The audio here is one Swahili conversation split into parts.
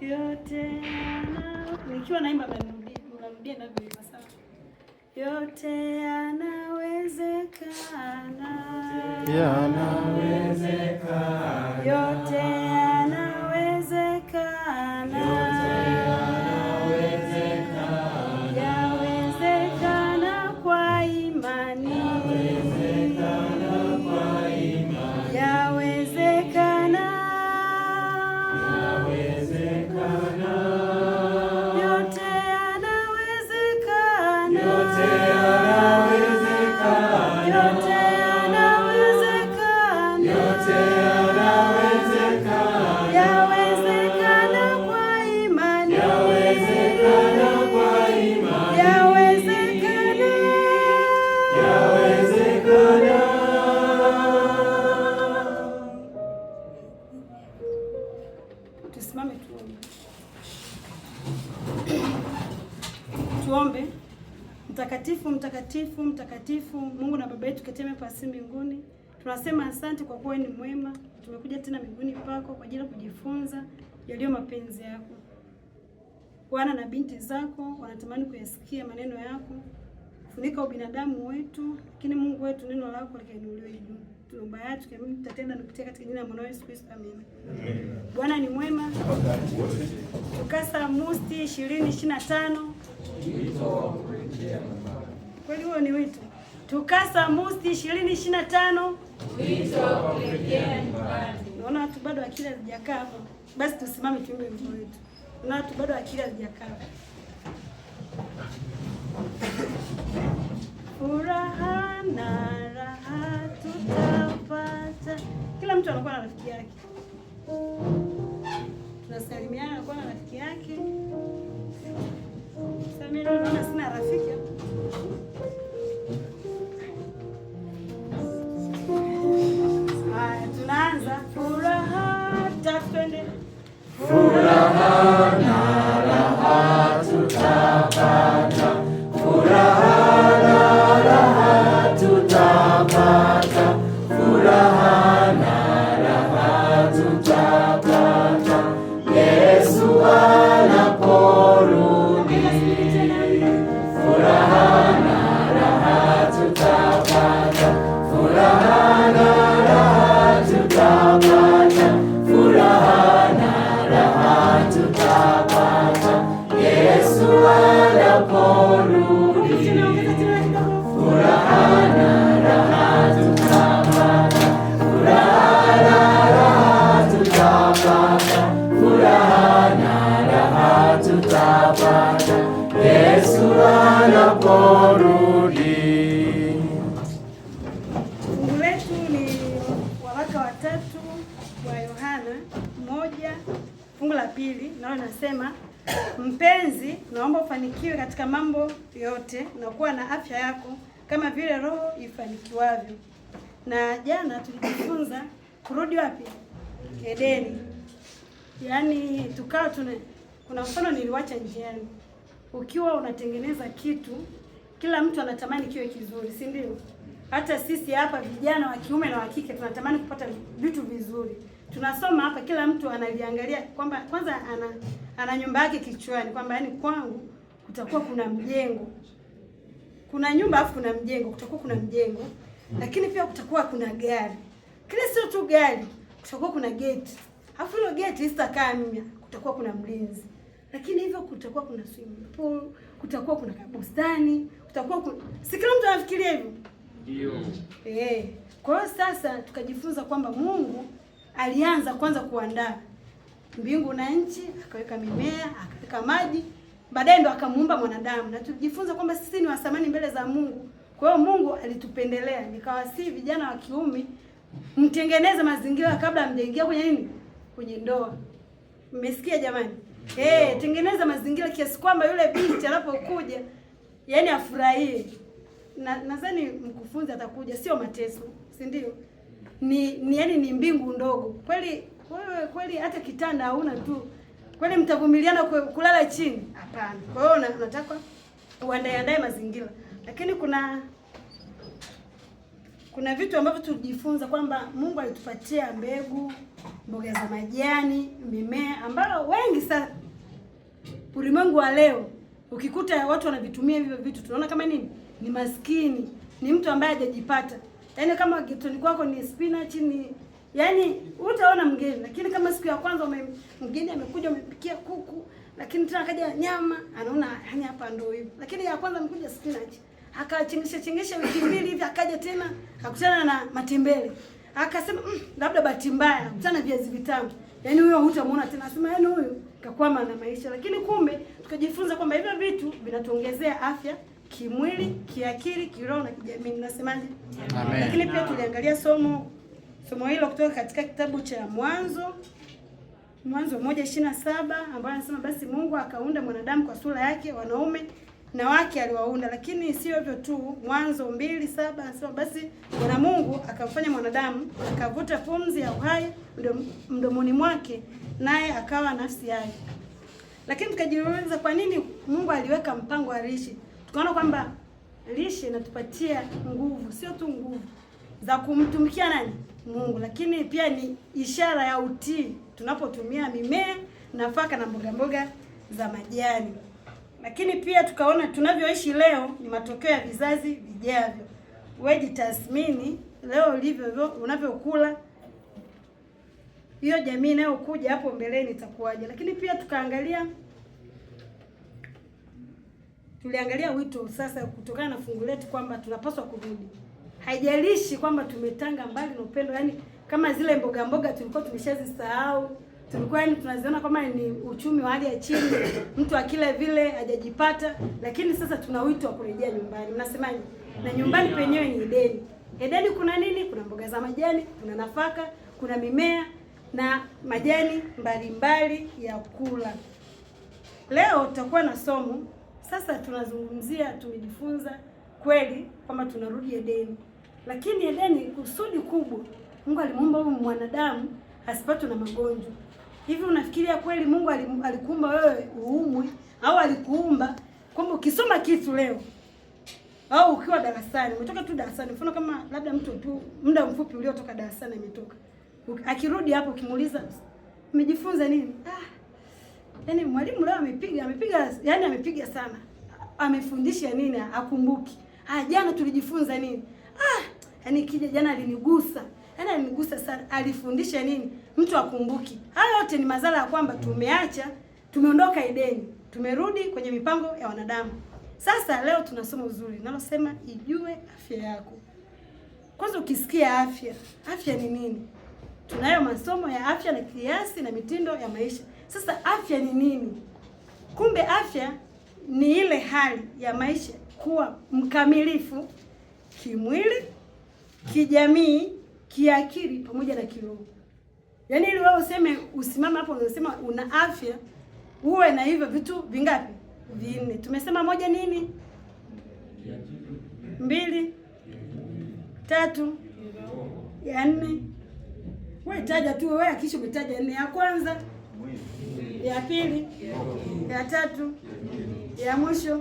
yote na nikiwa naimba mnarudia ndivyo sawa. Yote yanawezekana, yanawezekana, yote Baba yetu Keteme pasi mbinguni, tunasema asante kwa kuwa ni mwema. Tumekuja tena mbinguni pako kwa ajili ya kujifunza yaliyo mapenzi yako. Wana na binti zako wanatamani kuyasikia maneno yako. Funika ubinadamu wetu, lakini Mungu wetu, neno lako likainuliwe juu. Tunaomba haya tutatenda na kutia katika jina la mwanao Yesu Kristo, amina. Bwana ni mwema. Ukasa Musti 2025 kweli huo ni wito TUCASA MUST 2025 wito kurejea nyumbani. Naona watu bado akili hazijakaa hapo, basi tusimame tuimbe wimbo wetu. Naona watu bado akili hazijakaa furaha na raha tutapata. Kila mtu anakuwa na rafiki yake, tunasalimiana, na rafiki yake. Sasa mimi naona sina rafiki ufanikiwe katika mambo yote na kuwa na afya yako kama vile roho ifanikiwavyo. Na jana tulijifunza kurudi wapi? Edeni. Yaani tukao tuna kuna mfano niliwacha njiani. Ukiwa unatengeneza kitu, kila mtu anatamani kiwe kizuri, si ndio? Hata sisi hapa vijana wa kiume na wa kike tunatamani kupata vitu vizuri. Tunasoma hapa, kila mtu analiangalia kwamba kwanza ana ana nyumba yake kichwani kwamba yani kwangu kutakuwa kuna mjengo, kuna nyumba afu kuna mjengo, kutakuwa kuna mjengo, lakini pia kutakuwa kuna gari, kile sio tu gari, kutakuwa kuna geti, afu hilo geti litakaa mimi, kutakuwa kuna mlinzi, lakini hivyo kutakuwa kuna swimming pool, kutakuwa kuna bustani, kutakuwa kuna... si kila mtu anafikiria hivyo ndio eh. Kwa hiyo sasa tukajifunza kwamba Mungu alianza kwanza kuandaa mbingu na nchi, akaweka mimea, akaweka maji baadaye ndo akamuumba mwanadamu, na tujifunza kwamba sisi ni wasamani mbele za Mungu. Kwa hiyo Mungu alitupendelea, nikawasii vijana wa kiume mtengeneze mazingira kabla hamjaingia kwenye nini, kwenye ndoa. Mmesikia jamani? Eh, tengeneza mazingira kiasi kwamba yule binti anapokuja yani afurahie. Na nadhani mkufunzi atakuja, sio mateso, si ndio? Ni, ni yani ni mbingu ndogo kweli. kweli hata kitanda hauna tu Kwani mtavumiliana kulala chini? Hapana. Kwa hiyo unataka uandaeandae mazingira, lakini kuna kuna vitu ambavyo tulijifunza kwamba Mungu alitupatia mbegu, mboga za majani, mimea ambayo wengi sana ulimwengu wa leo ukikuta watu wanavitumia hivyo vitu, tunaona kama nini, ni maskini, ni mtu ambaye hajajipata. Yaani kama kitoni kwako ni spinach, ni Yaani utaona mgeni, lakini kama siku ya kwanza ume, mgeni amekuja umepikia kuku, lakini tena akaja nyama, anaona yani hapa ndio hivi. Lakini ya kwanza amekuja spinach, akachengesha chengesha wiki mbili hivi, akaja tena akakutana na matembele, akasema mmm, labda bahati mbaya akutana viazi vitamu. Yaani huyo hutamuona tena, asema yani huyo kakwama na maisha. Lakini kumbe tukajifunza kwamba hivyo vitu vinatuongezea afya kimwili, kiakili, kiroho na kijamii. Nasemaje? Amen. Lakini pia tuliangalia somo somo hilo kutoka katika kitabu cha Mwanzo, Mwanzo moja ishirini na saba ambayo anasema basi Mungu akaunda mwanadamu kwa sura yake, wanaume na wake aliwaunda. Lakini sio hivyo tu, Mwanzo mbili saba anasema basi Bwana Mungu akamfanya mwanadamu, akavuta pumzi ya uhai mdomoni mwake, naye akawa nafsi yake. Lakini tukajiuliza kwa nini Mungu aliweka mpango wa lishe? Tukaona kwamba lishe inatupatia nguvu, sio tu nguvu za kumtumikia nani? Mungu. Lakini pia ni ishara ya utii tunapotumia mimea, nafaka na mboga mboga za majani. Lakini pia tukaona tunavyoishi leo ni matokeo ya vizazi vijavyo. Wewe jitathmini leo ulivyo, unavyokula hiyo jamii inayokuja hapo mbeleni itakuwaje? Lakini pia tukaangalia, tuliangalia wito sasa, kutokana na fungu letu kwamba tunapaswa kurudi haijalishi kwamba tumetanga mbali na upendo, yani kama zile mboga mboga tulikuwa tumeshazisahau, tulikuwa yani tunaziona kama ni uchumi wa hali ya chini, mtu akila vile hajajipata. Lakini sasa tuna wito wa kurejea nyumbani, mnasemaje? Na nyumbani penyewe ni Edeni. Edeni kuna nini? Kuna mboga za majani, kuna nafaka, kuna mimea na majani mbalimbali mbali ya kula. Leo tutakuwa na somo sasa, tunazungumzia tumejifunza kweli kwamba tunarudi Edeni. Lakini Edeni kusudi kubwa Mungu alimuumba huyu mwanadamu asipatwe na magonjwa. Hivi unafikiria kweli Mungu alikuumba wewe uumwe au alikuumba kwamba ukisoma kitu leo au ukiwa darasani, umetoka tu darasani, mfano kama labda mtu tu muda mfupi uliotoka darasani umetoka. Akirudi hapo ukimuuliza umejifunza nini? Ah. Yaani mwalimu leo amepiga, amepiga, yani amepiga sana. Amefundisha nini? Akumbuki. Ah, jana tulijifunza nini? ah, yani kija jana alinigusa yani alinigusa sana. Alifundisha nini? Mtu akumbuki. Hayo yote ni madhara ya kwamba tumeacha, tumeondoka Edeni, tumerudi kwenye mipango ya wanadamu. Sasa leo tunasoma uzuri nalosema, ijue afya yako kwanza. Ukisikia afya, afya ni nini? Tunayo masomo ya afya na kiasi na mitindo ya maisha. Sasa afya ni nini? Kumbe afya ni ile hali ya maisha kuwa mkamilifu kimwili, kijamii, kiakili pamoja na kiroho. Yaani ili wewe useme usimame hapo unasema una afya uwe na hivyo vitu vingapi? Vinne. Tumesema moja nini? Mbili, tatu, ya nne. Wewe taja tu wewe, hakisha umetaja nne. Ya kwanza, ya pili, ya tatu, ya mwisho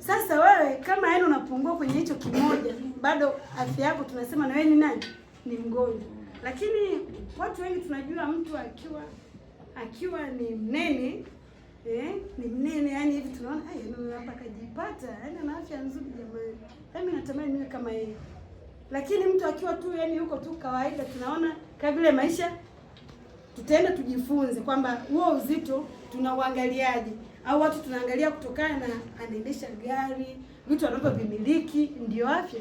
sasa wewe kama yaani unapungua kwenye hicho kimoja, bado afya yako tunasema na wewe ni nani? Ni mgonjwa. Lakini watu wengi tunajua mtu akiwa akiwa ni mnene eh, ni mnene yani hivi tunaona ai, yaani hapa kajipata, yani ana afya nzuri jamani, yaani mimi natamani niwe kama yeye. Lakini mtu akiwa tu yani yuko tu kawaida, tunaona kama vile maisha. Tutaenda tujifunze kwamba huo uzito tunauangaliaje au watu tunaangalia kutokana na anaendesha gari, vitu vimiliki, ndio afya.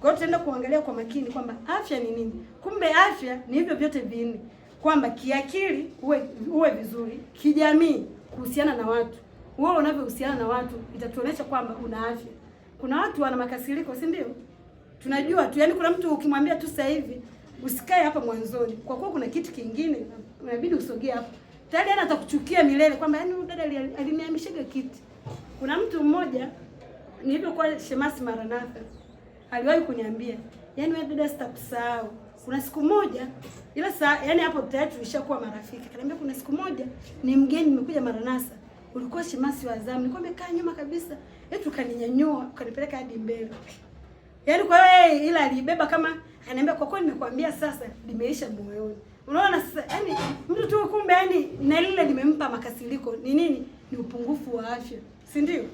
Kwa hiyo tutaenda kuangalia kwa makini kwamba afya ni nini. Kumbe afya ni hivyo vyote vinne, kwamba kiakili uwe, uwe vizuri, kijamii kuhusiana na watu, wewe unavyohusiana na watu itatuonesha kwamba una afya. Kuna watu wana makasiriko, si ndio? Tunajua tu, yaani kuna mtu ukimwambia tu sasa hivi usikae hapa mwanzoni, kwa kuwa kuna kitu kingine, unabidi usogee hapa tayari ana atakuchukia milele kwamba yaani dada aliniamishaga kiti. Kuna mtu mmoja nilipokuwa Shemasi Maranatha aliwahi kuniambia, yani wewe dada, sitakusahau. Kuna siku moja ila saa, yani hapo tayari tulishakuwa marafiki. Kaniambia kuna siku moja ni mgeni nimekuja Maranatha, ulikuwa Shemasi wa zamu. Nikwambia kaa nyuma kabisa, eti yaani ukaninyanyua ukanipeleka hadi mbele. Yaani kwa hiyo ila alibeba kama, anaambia kwa kweli nimekuambia sasa limeisha moyoni. Unaona sasa, yani mtu tu kumbe, yani na lile limempa makasiriko ni nini? Ni upungufu wa afya, si ndio?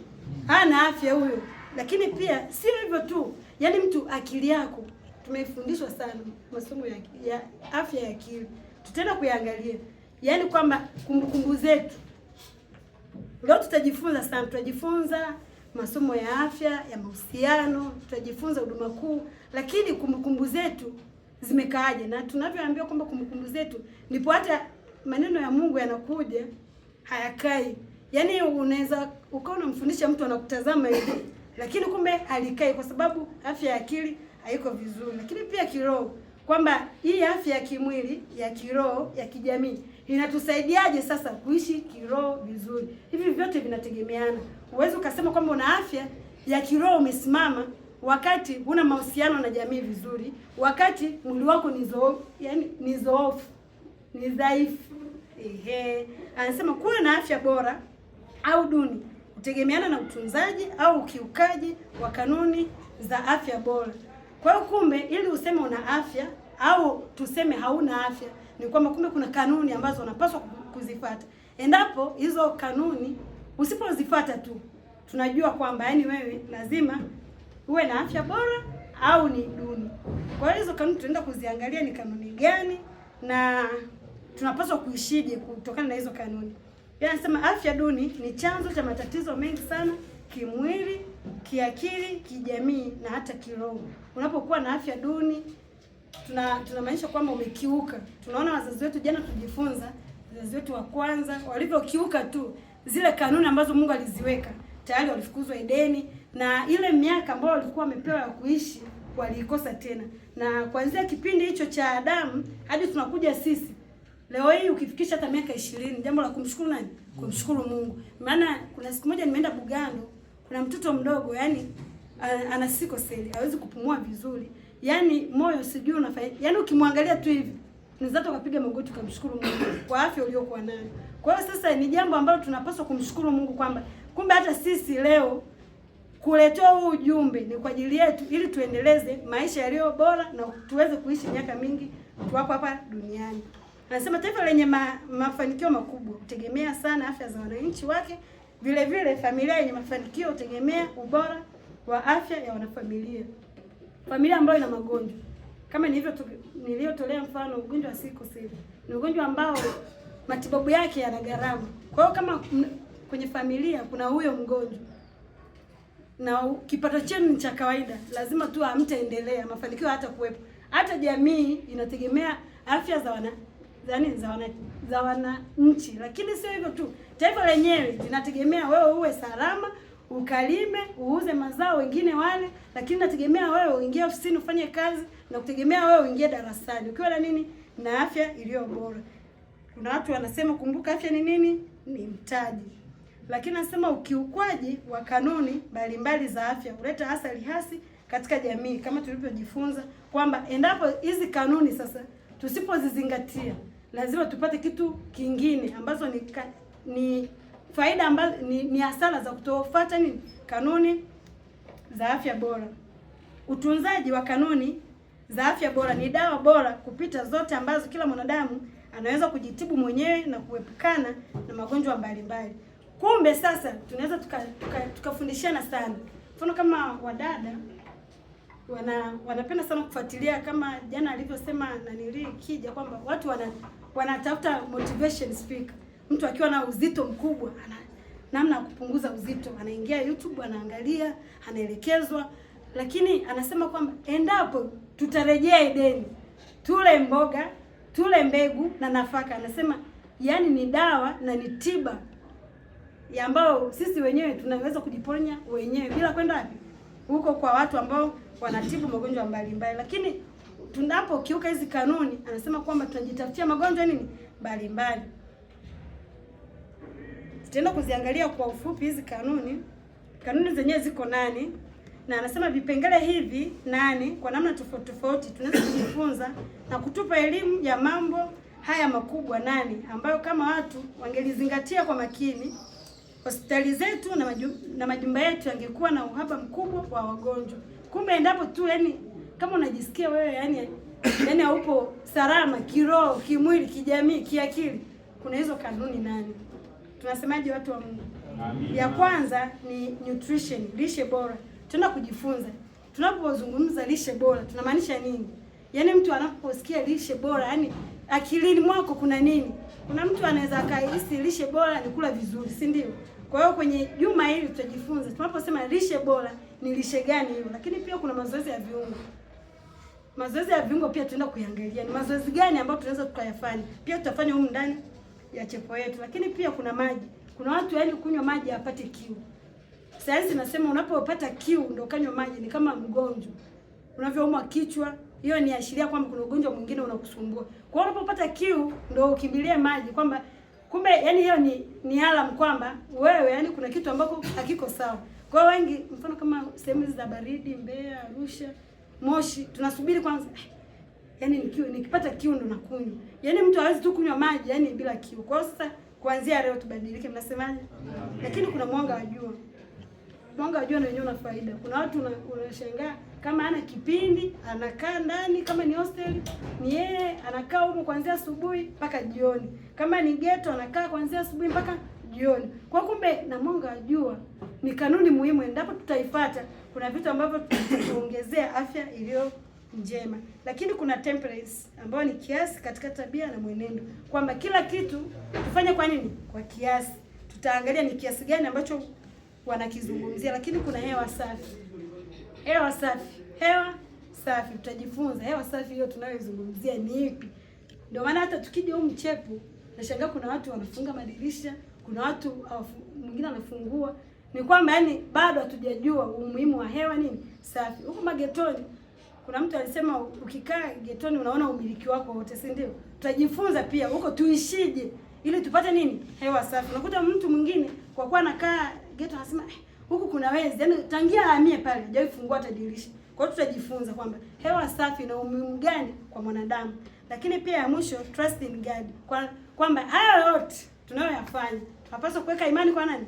Hana afya huyo. Lakini pia si hivyo tu, yani mtu akili yako tumefundishwa sana masomo ya, ya afya ya akili, tutaenda kuyaangalia, yani kwamba kumbukumbu zetu leo tutajifunza sana, tutajifunza masomo ya afya ya mahusiano, tutajifunza huduma kuu, lakini kumbukumbu zetu zimekaaje, na tunavyoambiwa kwamba kumbukumbu zetu ndipo hata maneno ya Mungu yanakuja hayakai. Yaani unaweza ukawa unamfundisha mtu anakutazama hivi, lakini kumbe alikai kwa sababu afya ya akili haiko vizuri, lakini pia kiroho, kwamba hii afya ya kimwili, ya kiroho, ya kijamii inatusaidiaje sasa kuishi kiroho vizuri? Hivi vyote vinategemeana. Huwezi ukasema kwamba una afya ya kiroho umesimama wakati huna mahusiano na jamii vizuri, wakati mwili wako ni zo, yani ni zoofu, ni dhaifu. Ehe, anasema kuwa na afya bora au duni kutegemeana na utunzaji au ukiukaji wa kanuni za afya bora. Kwa hiyo kumbe, ili useme una afya au tuseme hauna afya, ni kwamba kumbe kuna kanuni ambazo unapaswa kuzifata Endapo hizo kanuni usipozifata tu tunajua kwamba yani wewe lazima uwe na afya bora au ni duni. Kwa hiyo hizo kanuni tunaenda kuziangalia ni kanuni gani na tunapaswa kuishije kutokana na hizo kanuni. Anasema afya duni ni chanzo cha matatizo mengi sana kimwili, kiakili, kijamii na hata kiroho. Unapokuwa na afya duni, tuna tunamaanisha kwamba umekiuka. Tunaona wazazi wetu jana, tujifunza wazazi wetu wa kwanza walivyokiuka tu zile kanuni ambazo Mungu aliziweka tayari walifukuzwa Edeni, na ile miaka ambayo walikuwa wamepewa ya kuishi waliikosa tena. Na kuanzia kipindi hicho cha Adamu hadi tunakuja sisi leo hii, ukifikisha hata miaka ishirini, jambo la kumshukuru nani? Kumshukuru Mungu. Maana kuna siku moja nimeenda Bugando, kuna mtoto mdogo yani ana siko seli, hawezi kupumua vizuri, yani moyo sijui unafanya, yani ukimwangalia tu hivi unaweza ukapiga magoti kumshukuru Mungu kwa afya uliokuwa nayo. Kwa hiyo sasa ni jambo ambalo tunapaswa kumshukuru Mungu kwamba Kumbe hata sisi leo kuletea huu ujumbe ni kwa ajili yetu, ili tuendeleze maisha yaliyo bora na tuweze kuishi miaka mingi tuwapo hapa duniani. Anasema taifa lenye ma, mafanikio makubwa hutegemea sana afya za wananchi wake. Vile vile familia yenye mafanikio hutegemea ubora wa afya ya wanafamilia. Familia ambayo ina magonjwa kama nilivyo niliyotolea mfano, ugonjwa wa sickle cell ni ugonjwa ambao matibabu yake yana gharama. Kwa hiyo kama kwenye familia kuna huyo mgonjwa na kipato chenu ni cha kawaida, lazima tu hamtaendelea mafanikio hata kuwepo. Hata jamii inategemea afya za wana yani za wana za wananchi, lakini sio hivyo tu, taifa lenyewe linategemea wewe uwe salama, ukalime, uuze mazao, wengine wale, lakini nategemea wewe uingie ofisini ufanye kazi na kutegemea wewe uingie darasani ukiwa na nini, na afya iliyo bora. Kuna watu wanasema kumbuka, afya ni nini? Ni mtaji lakini anasema ukiukwaji wa kanuni mbalimbali za afya huleta athari hasi katika jamii kama tulivyojifunza kwamba endapo hizi kanuni sasa tusipozizingatia, lazima tupate kitu kingine ambazo ni ka, ni faida ambazo ni, ni hasara za kutofuata nini kanuni za afya bora. Utunzaji wa kanuni za afya bora ni dawa bora kupita zote ambazo kila mwanadamu anaweza kujitibu mwenyewe na kuepukana na magonjwa mbalimbali. Kumbe sasa tunaweza tukafundishana tuka, tuka sana. Mfano kama wadada wana wanapenda sana kufuatilia kama jana alivyosema nanili kija kwamba watu wana, wanatafuta motivation speaker. Mtu akiwa na uzito mkubwa ana namna ya kupunguza uzito, anaingia YouTube anaangalia, anaelekezwa, lakini anasema kwamba endapo tutarejea Edeni, tule mboga, tule mbegu na nafaka. Anasema yani ni dawa na ni tiba ambayo sisi wenyewe tunaweza kujiponya wenyewe bila kwenda wapi huko kwa watu ambao wanatibu magonjwa mbalimbali. Lakini tunapokiuka hizi kanuni, anasema kwamba tunajitafutia magonjwa nini mbalimbali. Tutaenda kuziangalia kwa ufupi hizi kanuni. Kanuni zenyewe ziko nani, na anasema vipengele hivi nani kwa namna tofauti tofauti tunaweza kujifunza na kutupa elimu ya mambo haya makubwa nani, ambayo kama watu wangelizingatia kwa makini hospitali zetu na, maju, na majumba yetu yangekuwa na uhaba mkubwa wa wagonjwa. Kumbe endapo tu yani kama unajisikia wewe yani yani haupo salama kiroho, kimwili, kijamii, kiakili, kuna hizo kanuni nani, tunasemaje watu wa Mungu? Ya kwanza ni nutrition, lishe bora. Tuna kujifunza tunapozungumza lishe bora tunamaanisha nini? Yaani mtu anaposikia lishe bora, yani akilini mwako kuna nini? Kuna mtu anaweza akahisi lishe bora ni kula vizuri, si ndio? Kwa hiyo kwenye juma hili tutajifunza tunaposema lishe bora ni lishe gani hiyo, lakini pia kuna mazoezi ya viungo. Mazoezi ya viungo pia tunaenda kuiangalia ni mazoezi gani ambayo tunaweza tukayafanya, pia tutafanya humu ndani ya chepo yetu, lakini pia kuna maji. Kuna watu yaani kunywa maji hapate kiu. Sayansi nasema unapopata kiu ndio kanywa maji, ni kama mgonjwa unavyoumwa kichwa, hiyo ni ashiria kwamba kuna ugonjwa mwingine unakusumbua. Kwa hiyo unapopata kiu ndio ukimbilie maji kwamba Kumbe yani hiyo ni ni alam kwamba wewe yani kuna kitu ambako hakiko sawa. Kwa hiyo wengi mfano kama sehemu hizi za baridi, Mbeya, Arusha, Moshi, tunasubiri kwanza. yani nikiwa nikipata kiu ndo nakunywa. Yani mtu hawezi tu kunywa maji yani bila kiu. Kwa hiyo sasa kuanzia leo tubadilike mnasemaje? Lakini kuna mwanga wa jua mwanga wa jua na wenyewe una faida. Kuna watu unashangaa kama ana kipindi anakaa ndani, kama ni hostel ni yeye anakaa huko kuanzia asubuhi mpaka jioni, kama ni ghetto anakaa kuanzia asubuhi mpaka jioni. Kwa kumbe na mwanga wa jua ni kanuni muhimu, endapo tutaifuata, kuna vitu ambavyo tutaongezea afya iliyo njema. Lakini kuna temperance ambayo ni kiasi katika tabia na mwenendo, kwamba kila kitu tufanye kwa nini, kwa kiasi. Tutaangalia ni kiasi gani ambacho wanakizungumzia, lakini kuna hewa safi, hewa safi, hewa safi. Tutajifunza hewa safi hiyo tunayoizungumzia ni ipi. Ndio maana hata tukija huko Mchepu nashangaa kuna watu wanafunga madirisha, kuna watu mwingine anafungua. Ni kwamba yani bado hatujajua umuhimu wa hewa nini safi. Huko magetoni kuna mtu alisema ukikaa getoni unaona umiliki wako wote, si ndio? Tutajifunza pia huko tuishije ili tupate nini hewa safi. Unakuta mtu mwingine kwa kuwa anakaa geto anasema eh, huku kuna wezi. Yaani tangia ahamie pale hajawahi kufungua hata dirisha. Kwa hiyo tutajifunza kwamba hewa safi na umuhimu gani kwa mwanadamu. Lakini pia ya mwisho trust in God. Kwa kwamba haya yote tunayoyafanya tunapaswa kuweka imani kwa nani?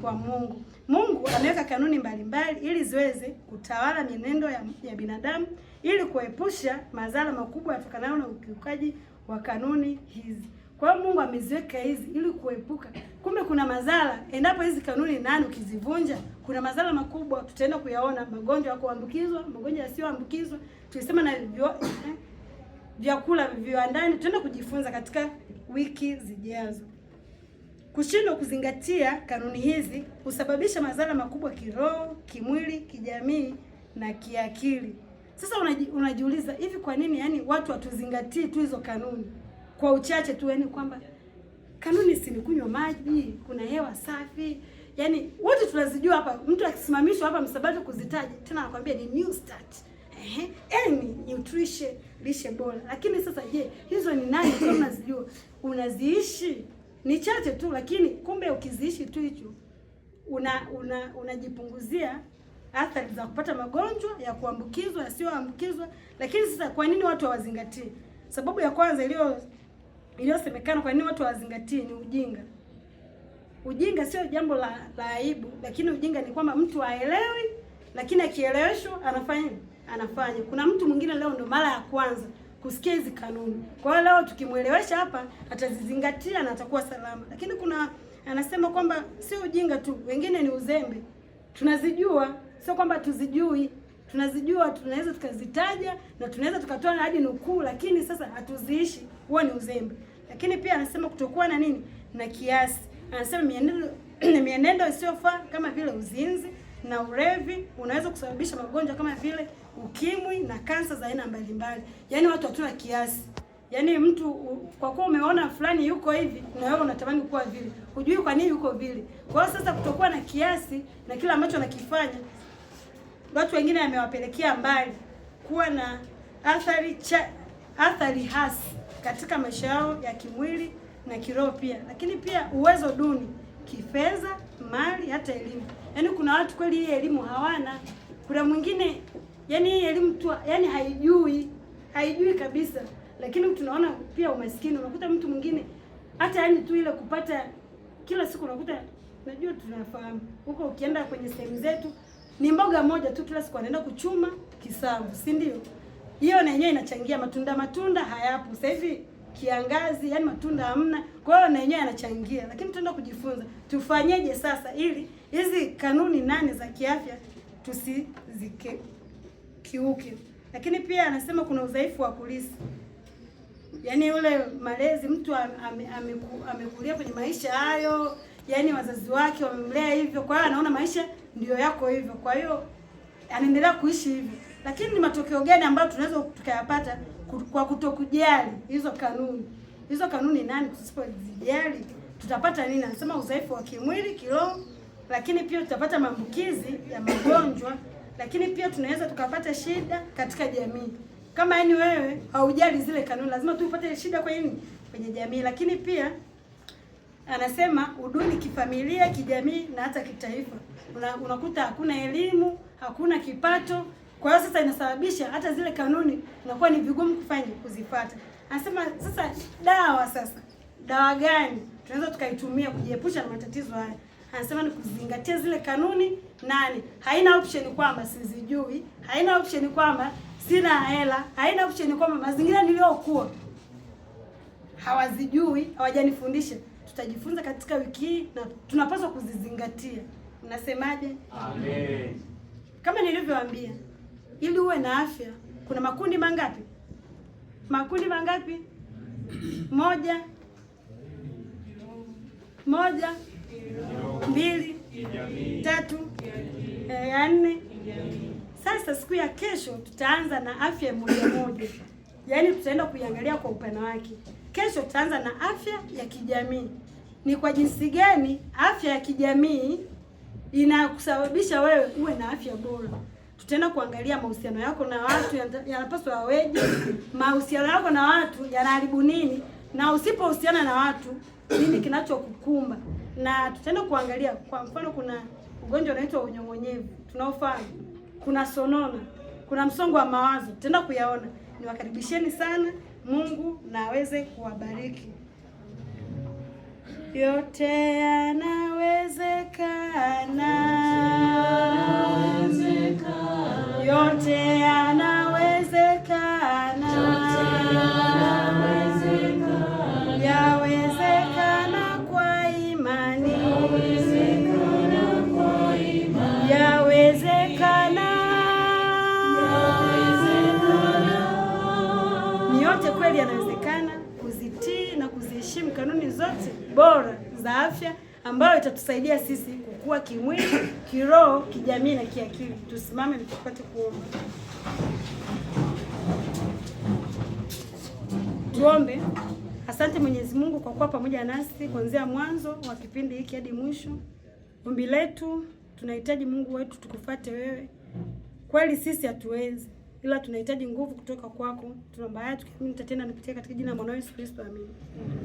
Kwa Mungu. Mungu ameweka kanuni mbalimbali ili ziweze kutawala mienendo ya, ya binadamu ili kuepusha madhara makubwa yatokanayo na ukiukaji wa kanuni hizi. Kwa hiyo Mungu ameziweka hizi ili kuepuka. Kumbe kuna madhara endapo hizi kanuni nani ukizivunja, kuna madhara makubwa tutaenda kuyaona, magonjwa ya kuambukizwa, magonjwa yasiyoambukizwa, tulisema na eh, vyakula viwandani, tutaenda kujifunza katika wiki zijazo. Kushindwa kuzingatia kanuni hizi husababisha madhara makubwa kiroho, kimwili, kijamii na kiakili. Sasa unaji, unajiuliza hivi kwa nini yani watu hatuzingatii tu hizo kanuni? kwa uchache tu, yani kwamba kanuni si ni kunywa maji, kuna hewa safi, yani wote tunazijua hapa. Mtu akisimamishwa hapa Msabato kuzitaja tena, anakwambia ni new start. Ehe, ni nutrition, lishe bora. Lakini sasa je, hizo ni nani kwa unazijua unaziishi? Ni chache tu, lakini kumbe ukiziishi tu hicho una unajipunguzia una athari za kupata magonjwa ya kuambukizwa yasiyoambukizwa. Lakini sasa kwa nini watu hawazingatii? Sababu ya kwanza iliyo iliyosemekana. Kwa nini watu hawazingatii? Ni ujinga. Ujinga sio jambo la, la aibu, lakini ujinga ni kwamba mtu haelewi, lakini akieleweshwa anafanya anafanya. Kuna mtu mwingine leo ndo mara ya kwanza kusikia hizi kanuni, kwa hiyo leo tukimwelewesha hapa atazizingatia na atakuwa salama. Lakini kuna anasema kwamba sio ujinga tu, wengine ni uzembe. Tunazijua, sio kwamba tuzijui tunazijua, tunaweza tukazitaja na tunaweza tukatoa na hadi nukuu, lakini sasa hatuziishi. Huo ni uzembe. Lakini pia anasema kutokuwa na nini na kiasi, anasema mienendo mienendo isiyofaa kama vile uzinzi na urevi unaweza kusababisha magonjwa kama vile ukimwi na kansa za aina mbalimbali. Yaani watu hatuna kiasi. Yaani mtu kwa kuwa umeona fulani yuko hivi na wewe unatamani kuwa vile. Hujui kwa nini yuko vile. Kwa hiyo sasa kutokuwa na kiasi na kila ambacho anakifanya watu wengine amewapelekea mbali kuwa na athari cha, athari hasi katika maisha yao ya kimwili na kiroho pia, lakini pia uwezo duni kifedha, mali, hata elimu. Yaani kuna watu kweli hii elimu hawana. Kuna mwingine yani hii elimu tu yani haijui haijui kabisa, lakini tunaona pia umaskini. Unakuta mtu mwingine hata yani tu ile kupata kila siku, unakuta najua tunafahamu huko, ukienda kwenye sehemu zetu ni mboga moja tu, kila siku anaenda kuchuma kisamvu, si ndio? Hiyo na yenyewe inachangia. Matunda matunda hayapo sasa hivi, kiangazi, yani matunda hamna, kwa hiyo na yenyewe anachangia. Lakini tunaenda kujifunza tufanyeje sasa, ili hizi kanuni nane za kiafya kiuke. Lakini pia anasema kuna udhaifu wa kulisi, yaani ule malezi mtu amekulia ame, ame kwenye maisha hayo, yani wazazi wake wamemlea hivyo, kwa hiyo anaona maisha ndio yako hivyo. Kwa hiyo anaendelea kuishi hivyo, lakini ni matokeo gani ambayo tunaweza tukayapata kwa kutokujali hizo kanuni? Hizo kanuni nani, tusipozijali tutapata nini? Anasema udhaifu wa kimwili, kiroho, lakini pia tutapata maambukizi ya magonjwa, lakini pia tunaweza tukapata shida katika jamii. Kama yani wewe haujali zile kanuni, lazima tu upate shida kwa nini? kwenye jamii, lakini pia anasema uduni kifamilia, kijamii na hata kitaifa unakuta hakuna elimu, hakuna kipato. Kwa hiyo sasa inasababisha hata zile kanuni inakuwa ni vigumu kufanya kuzipata. Anasema sasa dawa, sasa dawa gani tunaweza tukaitumia kujiepusha na matatizo haya? Anasema ni kuzingatia zile kanuni nane. Haina option kwamba sizijui, haina option kwamba sina hela, haina option kwamba mazingira niliyokuwa hawazijui, hawajanifundisha. Tutajifunza katika wiki hii na tunapaswa kuzizingatia unasemaje Amen. Kama nilivyowaambia, ili uwe na afya kuna makundi mangapi? Makundi mangapi? Moja, moja, mbili, tatu, eh, ya nne. Sasa siku ya kesho tutaanza na afya moja moja, yaani tutaenda kuiangalia kwa upana wake. Kesho tutaanza na afya ya kijamii. Ni kwa jinsi gani afya ya kijamii inakusababisha wewe uwe na afya bora. Tutaenda kuangalia mahusiano yako na watu yanapaswa yaweje, mahusiano yako na watu yanaharibu nini, na usipohusiana na watu nini kinachokukumba, na tutaenda kuangalia. Kwa mfano, kuna ugonjwa unaitwa unyong'onyevu tunaofahamu, kuna sonona, kuna msongo wa mawazo, tutaenda kuyaona. Niwakaribisheni sana, Mungu na aweze kuwabariki yote yanawezekana, yote yanawezekana. bora za afya ambayo itatusaidia sisi kukua kimwili, kiroho, kijamii na kiakili. Tusimame tupate kuomba. Tuombe. Asante Mwenyezi Mungu kwa kuwa pamoja nasi kuanzia mwanzo wa kipindi hiki hadi mwisho. Ombi letu tunahitaji Mungu wetu tukufate wewe. Kweli sisi hatuwezi, ila tunahitaji nguvu kutoka kwako. Tunaomba haya tukiamini tena na katika jina la Mwana Yesu Kristo, amina.